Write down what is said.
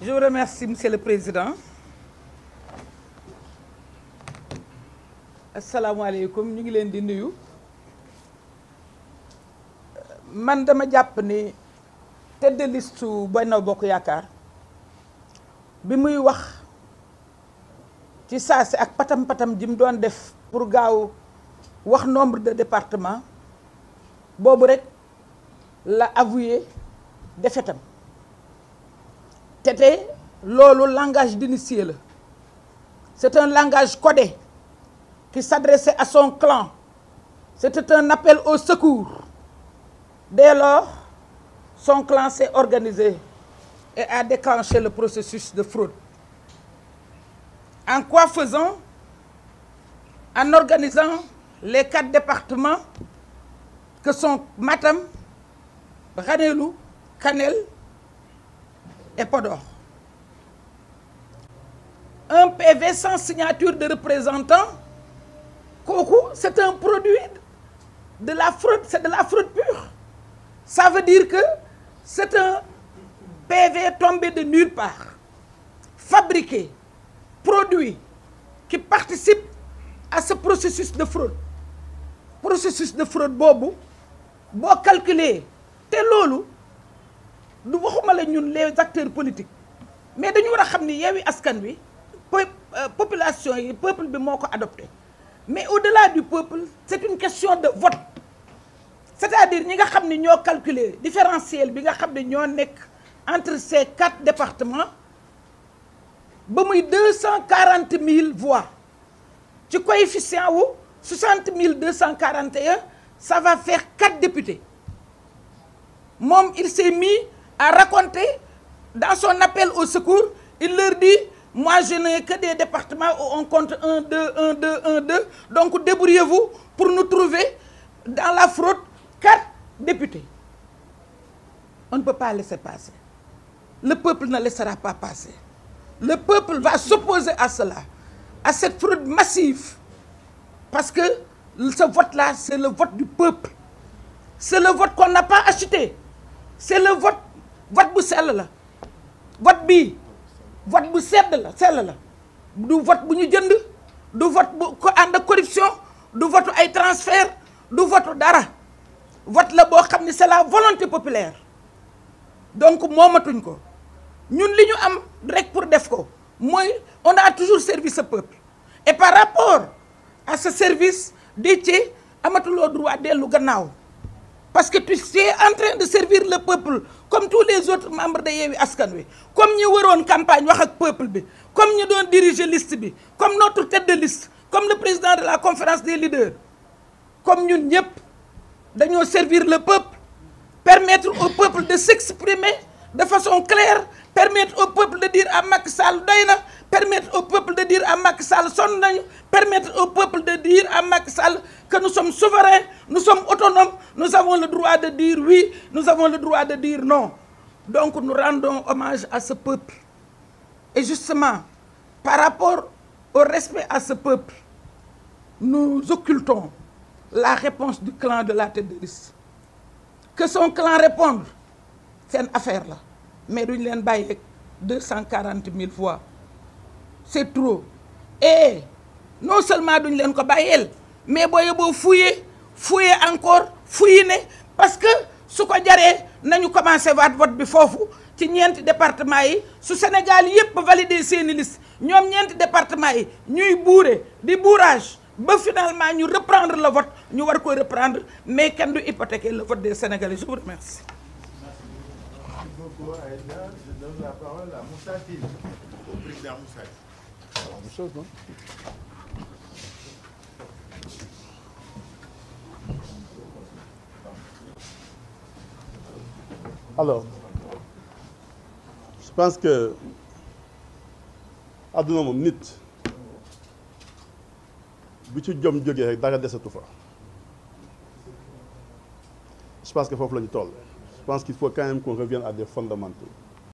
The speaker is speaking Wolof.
Je vous remercie, Monsieur le Président. asalaamaaleykum ñu ngi leen di nuyu man dama jàpp ni tête de liste Benno Bokk Yaakaar bi muy wax ci saasi ak patam patam ji mu doon def pour gaaw wax nombre de département boobu rek la avoué defetam c'était loolu langage d'initié la c'est un langage codé qui s'adressait à son clan c'était un appel au secours dès lors son clan s'est organisé et a déclenché le processus de fraude en quoi faisant en organisant les quatre départements que sont Matam Ranérou Kanel et Podor un PV sans signature de représentant kooku c'est un produit de la fraude c'est de la fraude pure ça veut dire que c'est un PV tombé de nulle part fabriqué produit qui participe à ce processus de fraude processus de fraude boobu boo calculer te loolu du waxuma la ñun les acteurs politiques mais dañu war a xam ni Yewwi Askan Wi euh, population yi peuple bi moo ko adopté mais au-delà du peuple c'est une question de vote c'est-à-dire ñi nga xam ni ñoo calculer différentiel bi nga xam ne ñoo nekk entre ces quatre départements ba muy deux cent quarante mille voix ci coefficient wu soixante mille deux cent quarante et un ça va faire quatre députés moom il s'est mis à raconté dans son appel au secours il leur dit moi je n'ai que des départements où on compte 1 2 1 2 1 2 donc débrouillez-vous pour nous trouver dans la fraude quatre députés on ne peut pas laisser passer le peuple ne laissera pas passer le peuple va s'opposer à cela à cette fraude massive parce que ce vote-là c'est le vote du peuple c'est le vote qu'on n'a pas acheté c'est le vote vote bu sell la vote bii vote bu sedd la sell la du vote bu ñu jënd du vote bu ko ànd ak corruption du vote ay transfert du vote dara vote la boo xam ne c'est la volonté populaire donc moomatuñ ko ñun li ñu am rek pour def ko mooy on a toujours service ce peuple et par rapport à ce service Déthié amatuloo droit dellu gannaaw parce que tu es en train de servir le peuple comme tous les autres membres de Yewwi Askan Wi comme ñu waroon campagne wax ak peuple bi comme ñu doon diriger liste bi comme notre tête de liste comme le président de la conférence des leaders comme ñun ñëpp dañoo servir le peuple permettre au peuple de s'exprimer de façon claire permettre au peuple de dire à Macky Sall doy na permettre au peuple de dire à Macky Sall au peuple de dire Sall que nous sommes souverains, nous sommes autonomes, nous avons le droit de dire oui, nous avons le droit de dire non. Donc nous rendons hommage à ce peuple. Et justement, par rapport au respect à ce peuple, nous occultons la réponse du clan de la tête de Que son clan réponde, c'est une affaire là. Mais duñ leen bàyyi 240 000 voix. C'est trop. Et non seulement duñ leen ko bàyyeel mais boo yóbboo fuye fouiller encore fouilliner parce que su ko jaree nañu commencé waat vote bi foofu ci ñeenti département yi su Sénégal yëpp validé seeni liste ñoom ñeenti département yi ñuy buure di bourrage ba finalement ñu reprendre la vote ñu war koy reprendre mais kenn du hypothéquer le vote de Sénégalais je vous remercie. Merci alors je que àdduna moom nit bu ci jom jógee rek dara desatu fa je pense que foofu la ñu toll je pense qu'il faut quand même qu'on revienne à des fondamentaux